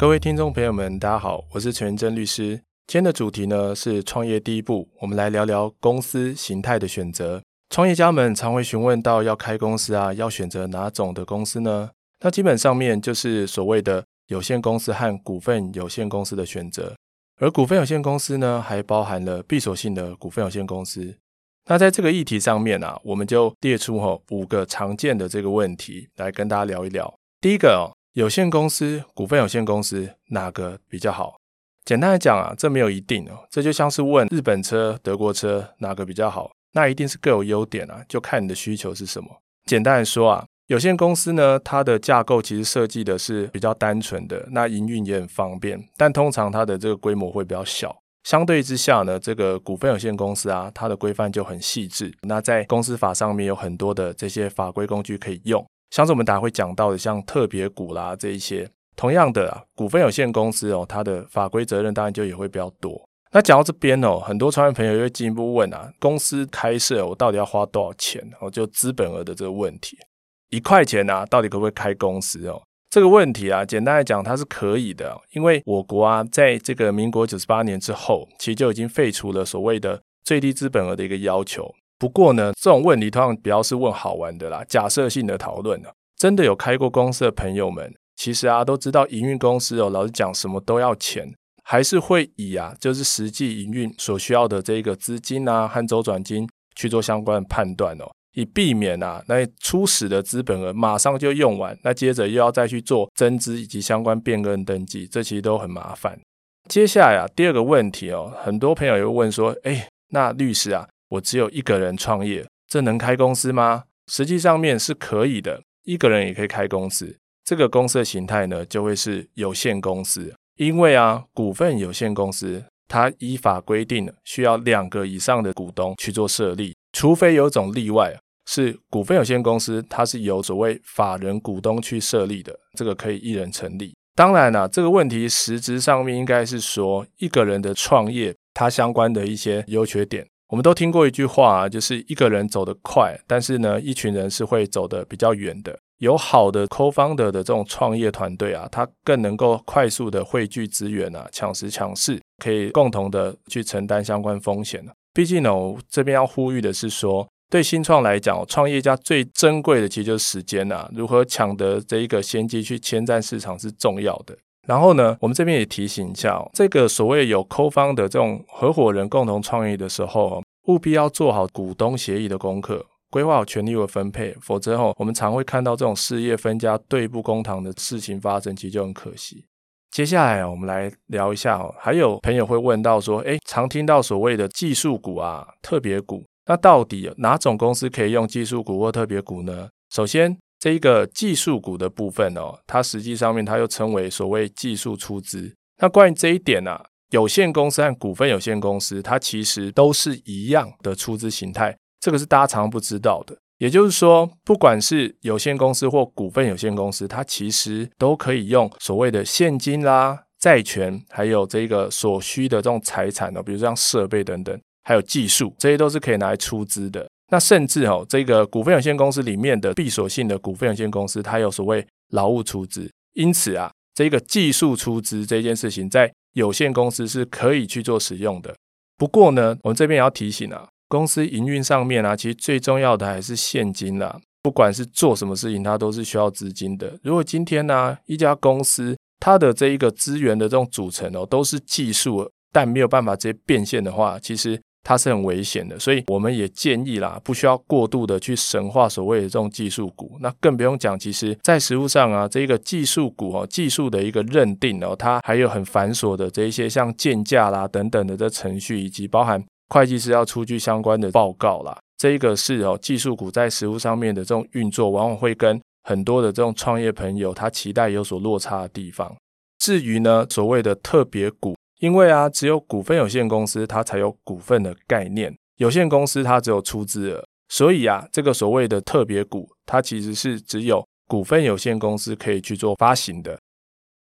各位聽眾朋友們，大家好，我是陳元律師。今天的主題呢，是創業第一步，我們來聊聊公司形態的選擇。創業家們常會詢問到，要開公司啊，要選擇哪種的公司呢？那基本上面就是所謂的有限公司和股份有限公司的選擇。而股份有限公司呢，還包含了閉鎖性的股份有限公司。那在這個議題上面啊，我們就列出吼、哦、五個常見的這個問題來跟大家聊一聊。第一個、哦。有限公司、股份有限公司哪個比較好？簡單來講啊，這沒有一定哦。這就像是問日本車、德國車哪個比較好，那一定是各有優點啊，就看你的需求是什麼。簡單來說啊，有限公司呢，它的架構其實設計的是比較單純的，那營運也很方便，但通常它的這個規模會比較小。相對之下呢，這個股份有限公司啊，它的規範就很細緻，那在公司法上面有很多的這些法規工具可以用。像是我們大家會講到的，像特別股啦這一些，同樣的、啊、股份有限公司哦，它的法規責任當然就也會比較多。那講到這邊哦，很多創業朋友又進一步問啊，公司開設我到底要花多少錢？我就資本額的這個問題，一塊錢啊，到底可不可以開公司哦？這個問題啊，簡單來講，它是可以的，因為我國啊，在這個民國九十八年之後，其實就已經廢除了所謂的最低資本額的一個要求。不過呢，這種問題通常比較是問好玩的啦，假設性的討論呢、啊。真的有開過公司的朋友們，其實啊都知道，營運公司哦，老是講什麼都要錢，還是會以啊就是實際營運所需要的這個資金啊和週轉金去做相關的判斷哦，以避免啊那初始的資本額馬上就用完，那接着又要再去做增資以及相關變更登記，這其實都很麻煩。接下來啊，第二個問題哦，很多朋友又問說，哎，那律師啊？我只有一個人創業，這能開公司嗎？實際上面是可以的，一個人也可以開公司。這個公司的形態呢，就會是有限公司。因為啊，股份有限公司它依法規定需要兩個以上的股東去做設立，除非有種例外，是股份有限公司它是由所謂法人股東去設立的，這個可以一人成立。當然了，啊，這個問題實質上面應該是說一個人的創業，它相關的一些優缺點。我們都聽過一句話啊，就是一個人走得快，但是呢，一群人是會走得比較遠的。有好的 co-founder 的這種創業團隊啊，它更能夠快速的匯聚資源啊，搶時搶勢，可以共同的去承擔相關風險。畢竟呢，我這邊要呼籲的是說，對新創來講，創業家最珍貴的其實就是時間啊，如何搶得這一個先機去侵佔市場是重要的。然後呢，我們這邊也提醒一下哦，這個所謂有扣方的這種合夥人共同創業的時候哦，務必要做好股東協議的功課，規劃好權利的分配，否則哦，我們常會看到這種事業分家對簿公堂的事情發生，其實就很可惜。接下來我們來聊一下哦，還有朋友會問到說，誒，常聽到所謂的技術股啊、特別股，那到底哪種公司可以用技術股或特別股呢？首先。這一個技術股的部分哦，它實際上面它又稱為所謂技術出資。那關於這一點啊，有限公司和股份有限公司，它其實都是一樣的出資形態，這個是大家常常不知道的。也就是說，不管是有限公司或股份有限公司，它其實都可以用所謂的現金啦、債權，還有這個所需的這種財產哦，比如像設備等等，還有技術，這些都是可以拿來出資的。那甚至哦，這個股份有限公司裡面的閉鎖性的股份有限公司，它有所謂勞務出資，因此啊，這個技術出資這件事情在有限公司是可以去做使用的。不過呢，我們這邊也要提醒啊，公司營運上面啊，其實最重要的還是現金啦、啊。不管是做什麼事情，它都是需要資金的。如果今天呢、啊，一家公司它的這一個資源的這種組成哦，都是技術，但沒有辦法直接變現的話，其實，它是很危險的，所以我們也建議啦，不需要過度的去神化所謂的這種技術股。那更不用講，其實，在實務上啊，這個技術股哦，技術的一個認定哦，它還有很繁瑣的這一些像鑑價啦等等的這程序，以及包含會計師要出具相關的報告啦。這一個是哦，技術股在實務上面的這種運作，往往會跟很多的這種創業朋友他期待有所落差的地方。至於呢，所謂的特別股。因為啊，只有股份有限公司它才有股份的概念，有限公司它只有出資額，所以啊，這個所謂的特別股，它其實是只有股份有限公司可以去做發行的。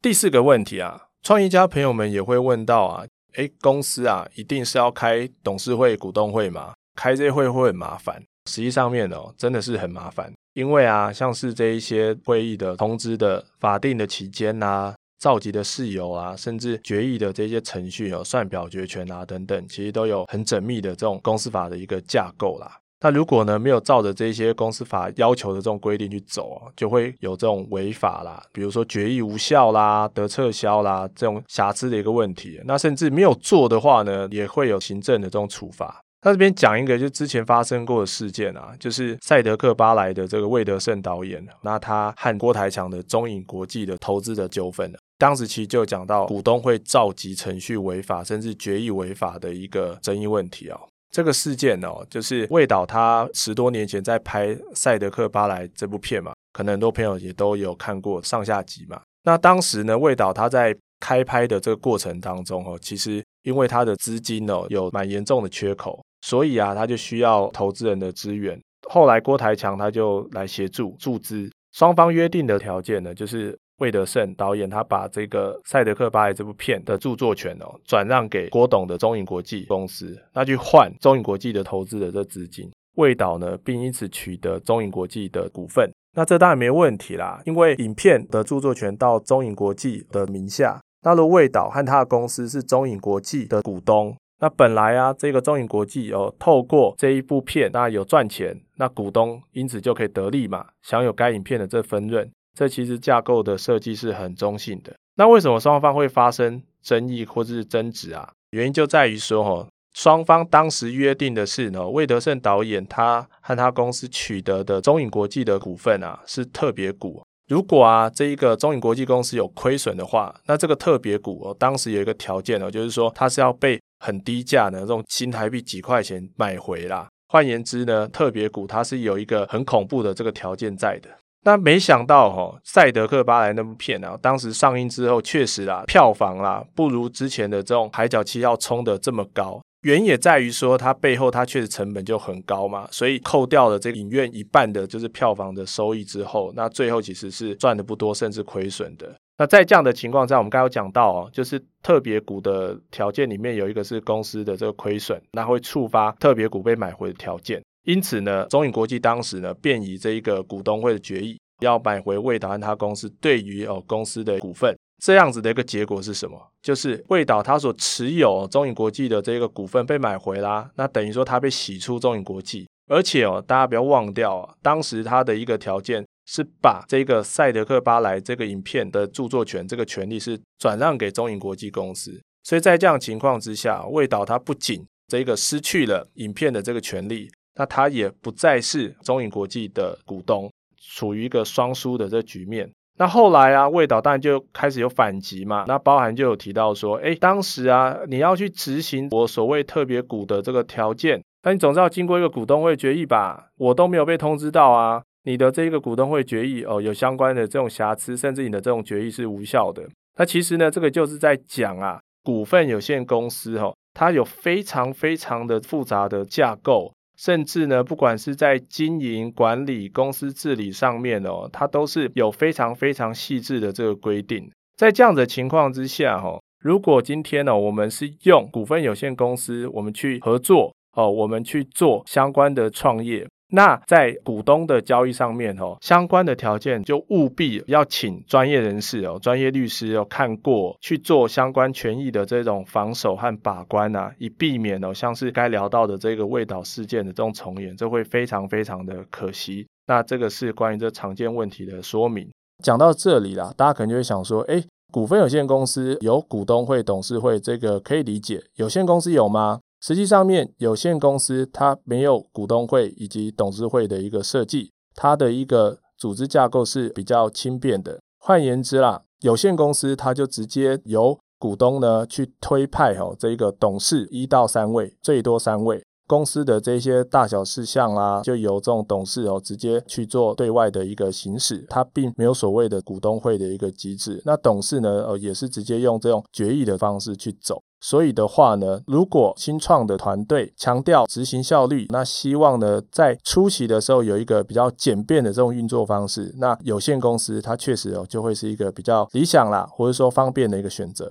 第四個問題啊，創業家朋友們也會問到啊，誒，公司啊，一定是要開董事會、股東會嘛？開這會會很麻煩，實際上面哦，真的是很麻煩，因為啊，像是這一些會議的通知的法定的期間吶、啊。召集的事由啊，甚至決議的這些程序有、哦、算表決權啊等等，其實都有很縝密的這種公司法的一個架構啦。那如果呢沒有照着這些公司法要求的這種規定去走啊，就會有這種違法啦，比如說決議無效啦、得撤銷啦這種瑕疵的一個問題。那甚至沒有做的話呢，也會有行政的這種處罰。那這邊講一個就之前發生過的事件啊，就是賽德克巴萊的這個魏德聖導演，那他和郭台強的中影國際的投資的糾紛。當時其實就講到股東會召集程序違法，甚至決議違法的一個爭議問題哦，這個事件哦，就是魏導他十多年前在拍《賽德克巴萊》這部片嘛，可能很多朋友也都有看過上下集嘛。那當時呢，魏導他在開拍的這個過程當中哦，其實因為他的資金哦有蠻嚴重的缺口，所以啊，他就需要投資人的資源。後來郭台強他就來協助注資，雙方約定的條件呢，就是，魏德聖導演，他把這個《賽德克·巴萊》這部片的著作權哦，轉讓給郭董的中影國際公司，那去換中影國際的投資的這資金，魏導呢，並因此取得中影國際的股份。那這當然沒問題啦，因為影片的著作權到中影國際的名下，那如果魏導和他的公司是中影國際的股東，那本來啊，這個中影國際有、喔、透過這一部片，那有賺錢，那股東因此就可以得利嘛，享有該影片的這分潤。這其實架構的設計是很中性的。那為什麼雙方會發生爭議或者是爭執啊？原因就在於說哦，哈，雙方當時約定的是呢，魏德聖導演他和他公司取得的中影國際的股份啊，是特別股。如果啊，這一個中影國際公司有虧損的話，那這個特別股哦，當時有一個條件哦，就是說它是要被很低價的這種新台幣幾塊錢買回啦。換言之呢，特別股它是有一個很恐怖的這個條件在的。那沒想到吼，哦、《賽德克巴萊》那部片啊，當時上映之後，確實啊，票房啦，啊、不如之前的這種《海角七號》衝得這麼高，原因也在於說，它背後它確實成本就很高嘛，所以扣掉了這個影院一半的就是票房的收益之後，那最後其實是賺得不多，甚至虧損的。那在這樣的情況下，我們剛剛有講到哦，就是特別股的條件裡面有一個是公司的這個虧損，那會觸發特別股被買回的條件。因此呢，中影國際當時呢，便以這一個股東會的決議，要買回魏導和他公司對於哦，公司的股份。這樣子的一個結果是什麼？就是魏導他所持有中影國際的這個股份被買回啦。那等於說他被洗出中影國際。而且哦，大家不要忘掉哦，當時他的一個條件是把這個《賽德克·巴萊》這個影片的著作權這個權利是轉讓給中影國際公司。所以在這樣的情況之下，魏導他不僅這個失去了影片的這個權利。那他也不再是中影國際的股東，處於一個雙輸的這局面。那後來啊，魏導當然就開始有反擊嘛。那包涵就有提到說，哎、欸，當時啊，你要去執行我所謂特別股的這個條件，但你總是要經過一個股東會決議吧？我都沒有被通知到啊，你的這個股東會決議哦，有相關的這種瑕疵，甚至你的這種決議是無效的。那其實呢，這個就是在講啊，股份有限公司哈、哦，它有非常非常的複雜的架構。甚至呢，不管是在經營管理、公司治理上面哦，它都是有非常非常細緻的這個規定。在這樣的情況之下哦，哈，如果今天呢，哦，我們是用股份有限公司，我們去合作哦，我們去做相關的創業。那在股東的交易上面哦，相關的條件就務必要請專業人士哦，專業律師哦，看過去做相關權益的這種防守和把關吶、啊，以避免哦，像是該聊到的這個未導事件的這種重演，這會非常非常的可惜。那這個是關於這常見問題的說明。講到這裡啦，大家可能就會想說，哎，股份有限公司有股東會、董事會，這個可以理解，有限公司有嗎？實際上面，有限公司它沒有股東會以及董事會的一個設計，它的一個組織架構是比較輕便的。換言之啦，有限公司它就直接由股東呢去推派哦，這一個董事一到三位，最多三位，公司的這些大小事項啦、啊，就由這種董事哦直接去做對外的一個行使，它並沒有所謂的股東會的一個機制。那董事呢，呃，也是直接用這種決議的方式去走。所以的話呢，如果新創的團隊強調執行效率，那希望呢在初期的時候有一個比較簡便的這種運作方式。那有限公司它確實哦就會是一個比較理想啦，或者說方便的一個選擇。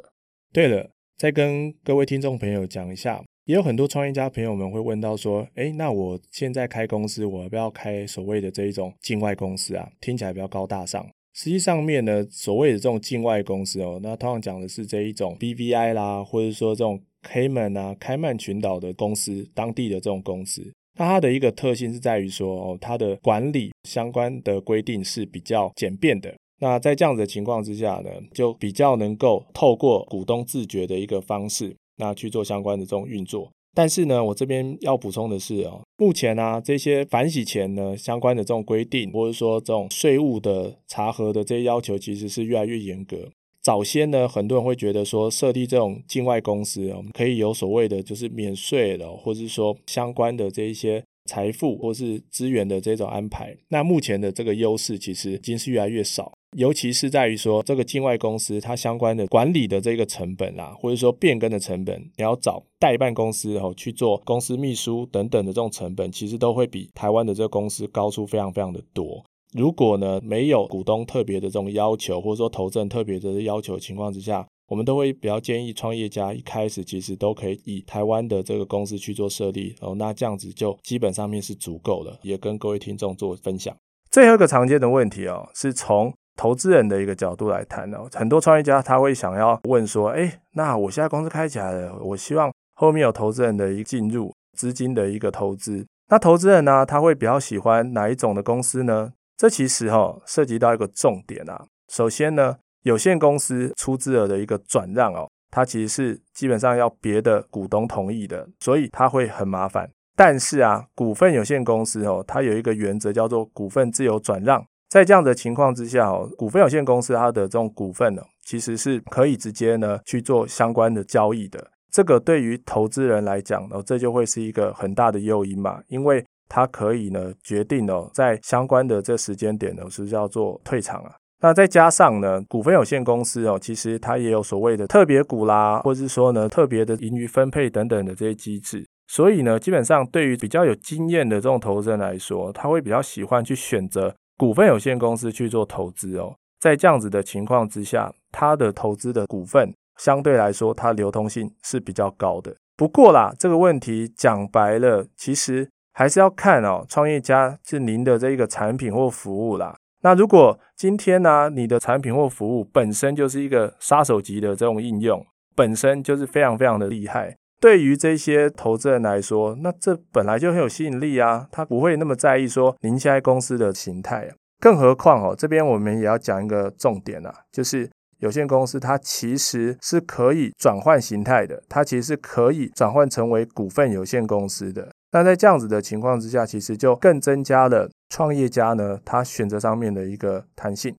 對了，再跟各位聽眾朋友講一下，也有很多創業家朋友們會問到說，哎，那我現在開公司，我要不要開所謂的這一種境外公司啊？聽起來比較高大上。實際上面呢，所謂的這種境外公司哦，那通常講的是這一種 BVI 啦，或者說這種開 n 啊、開曼群島的公司，當地的這種公司，那它的一個特性是在於說哦，它的管理相關的規定是比較簡便的。那在這樣子的情況之下呢，就比較能夠透過股東自覺的一個方式，那去做相關的這種運作。但是呢，我這邊要補充的是哦，目前呢、啊、這些反洗錢呢相關的這種規定，或者說這種稅務的查核的這些要求，其實是越來越嚴格。早些呢，很多人會覺得說設立這種境外公司，我們可以有所謂的就是免稅的，或者說相關的這一些財富或是資源的這種安排。那目前的這個優勢其實已經是越來越少。尤其是在於說，這個境外公司它相關的管理的這個成本啦、啊，或者說變更的成本，你要找代辦公司哦去做公司秘書等等的這種成本，其實都會比台灣的這個公司高出非常非常的多。如果呢，沒有股東特別的這種要求，或者說投證特別的要求的情況之下，我們都會比較建議創業家一開始其實都可以以台灣的這個公司去做設立哦，那這樣子就基本上面是足夠了。也跟各位聽眾做分享。最後一個常見的問題哦，是從投資人的一個角度來談哦，很多創業家他會想要問說，哎、欸，那我現在公司開起來了，我希望後面有投資人的一個進入資金的一個投資。那投資人呢、啊，他會比較喜歡哪一種的公司呢？這其實哈、哦，涉及到一個重點啊。首先呢，有限公司出資額的一個轉讓哦，它其實是基本上要別的股東同意的，所以它會很麻煩。但是啊，股份有限公司哦，它有一個原則叫做股份自由轉讓。在這樣的情況之下哦，股份有限公司它的這種股份呢、哦，其實是可以直接呢去做相關的交易的。這個對於投資人來講呢、哦，這就會是一個很大的誘因嘛，因為它可以呢決定、哦、在相關的這時間點呢是不是要做退場啊。那再加上呢，股份有限公司哦，其實它也有所謂的特別股啦，或者是說呢特別的盈餘分配等等的這些機制。所以呢，基本上對於比較有經驗的這種投資人來說，他會比較喜歡去選擇。股份有限公司去做投資哦，在這樣子的情況之下，它的投資的股份相對來說，它流通性是比較高的。不過啦，這個問題講白了，其實還是要看哦，創業家是您的這一個產品或服務啦。那如果今天呢、啊，你的產品或服務本身就是一個殺手級的這種應用，本身就是非常非常的厲害。對於這些投資人來說，那這本來就很有吸引力啊，他不會那麼在意說您現在公司的形態啊。更何況哦，這邊我們也要講一個重點啊，就是有限公司它其實是可以轉換形態的，它其實是可以轉換成為股份有限公司的。那在這樣子的情況之下，其實就更增加了創業家呢，他選擇上面的一個彈性。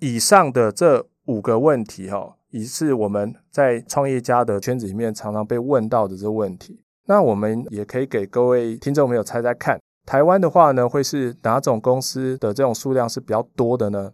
以上的這五個問題哈、哦。也是我們在創業家的圈子裡面常常被問到的這個問題。那我們也可以給各位聽眾朋友猜猜看，台灣的話呢，會是哪種公司的這種數量是比較多的呢？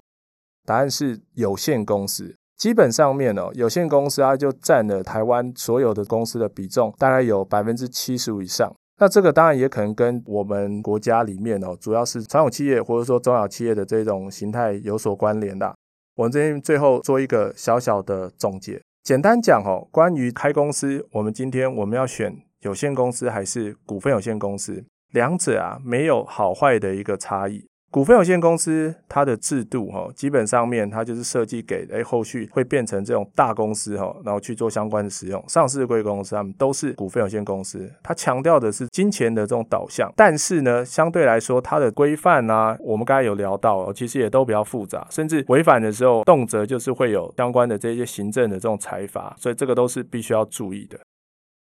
答案是有限公司。基本上面呢、哦，有限公司它、啊、就佔了台灣所有的公司的比重，大概有百分之七十五以上。那這個當然也可能跟我們國家裡面哦，主要是傳統企業或者說中小企業的這種形態有所關聯的、啊。我今天最後做一個小小的總結，簡單講哦，關於開公司，我們今天我們要選有限公司還是股份有限公司，兩者啊沒有好壞的一個差異。股份有限公司，它的制度哈，基本上面它就是設計給哎、欸，後續會變成這種大公司哈，然後去做相關的使用。上市的櫃公司他們都是股份有限公司，它強調的是金錢的這種導向。但是呢，相對來說它的規範啊，我們剛才有聊到，其實也都比較複雜，甚至違反的時候，動輒就是會有相關的這些行政的這種裁罰，所以這個都是必須要注意的。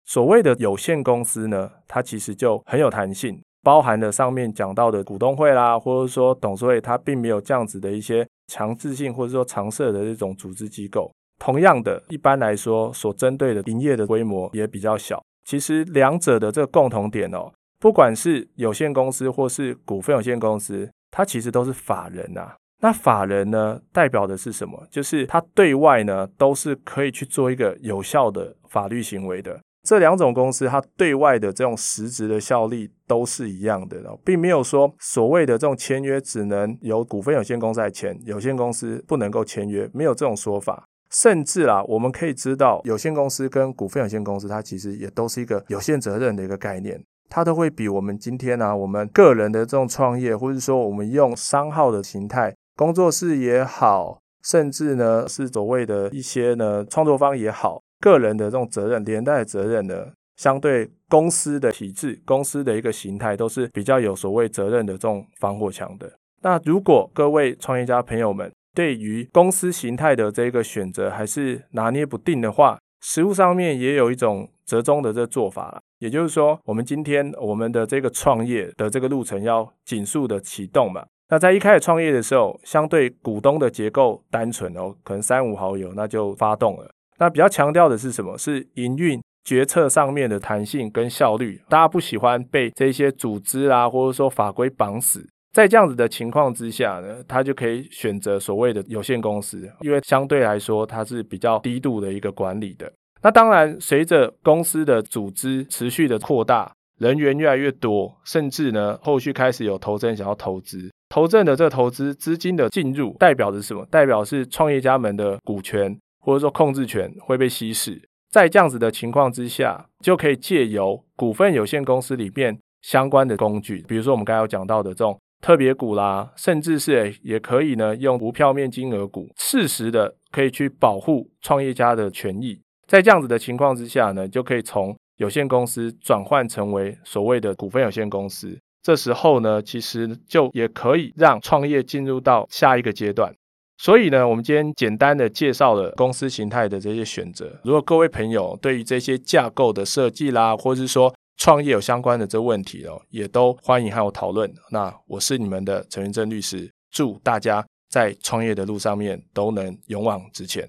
所謂的有限公司呢，它其實就很有彈性。包含了上面講到的股東會啦，或者說董事會，它並沒有這樣子的一些強制性或者說常設的這種組織機構。同樣的，一般來說，所針對的營業的規模也比較小。其實兩者的這個共同點哦，不管是有限公司或是股份有限公司，它其實都是法人啊。那法人呢，代表的是什麼？就是他對外呢，都是可以去做一個有效的法律行為的。這兩種公司，它對外的這種實質的效力都是一樣的，並沒有說所謂的這種簽約只能由股份有限公司來簽，有限公司不能夠簽約，沒有這種說法。甚至啊，我們可以知道，有限公司跟股份有限公司，它其實也都是一個有限責任的一個概念，它都會比我們今天呢、啊，我們個人的這種創業，或者說我們用商號的形態，工作室也好，甚至呢，是所謂的一些呢，創作方也好。個人的這種責任，連帶的責任呢，相對公司的體制、公司的一個形態，都是比較有所謂責任的這種防火牆的。那如果各位創業家朋友們對於公司形態的這個選擇還是拿捏不定的話，實務上面也有一種折中的這做法啦，也就是說，我們今天我們的這個創業的這個路程要緊速的啟動嘛。那在一開始創業的時候，相對股東的結構單純哦，可能三五好友那就發動了。那比較強調的是什麼？是營運決策上面的彈性跟效率。大家不喜歡被這些組織啊，或者說法規綁死。在這樣子的情況之下呢，他就可以選擇所謂的有限公司，因為相對來說它是比較低度的一個管理的。那當然，隨着公司的組織持續的擴大，人員越來越多，甚至呢，後續開始有投資人想要投資，投資的這投資資金的進入，代表的是什麼？代表是創業家們的股權。或者說控制權會被稀釋，在這樣子的情況之下，就可以借由股份有限公司裡面相關的工具，比如說我們剛才有講到的這種特別股啦，甚至是也可以呢用無票面金額股，適時的可以去保護創業家的權益。在這樣子的情況之下呢，就可以從有限公司轉換成為所謂的股份有限公司。這時候呢，其實就也可以讓創業進入到下一個階段。所以呢，我們今天簡單的介紹了公司形態的這些選擇。如果各位朋友對於這些架構的設計啦，或者是說創業有相關的這個問題哦，也都歡迎和我討論。那我是你們的陳元振律師，祝大家在創業的路上面都能勇往直前。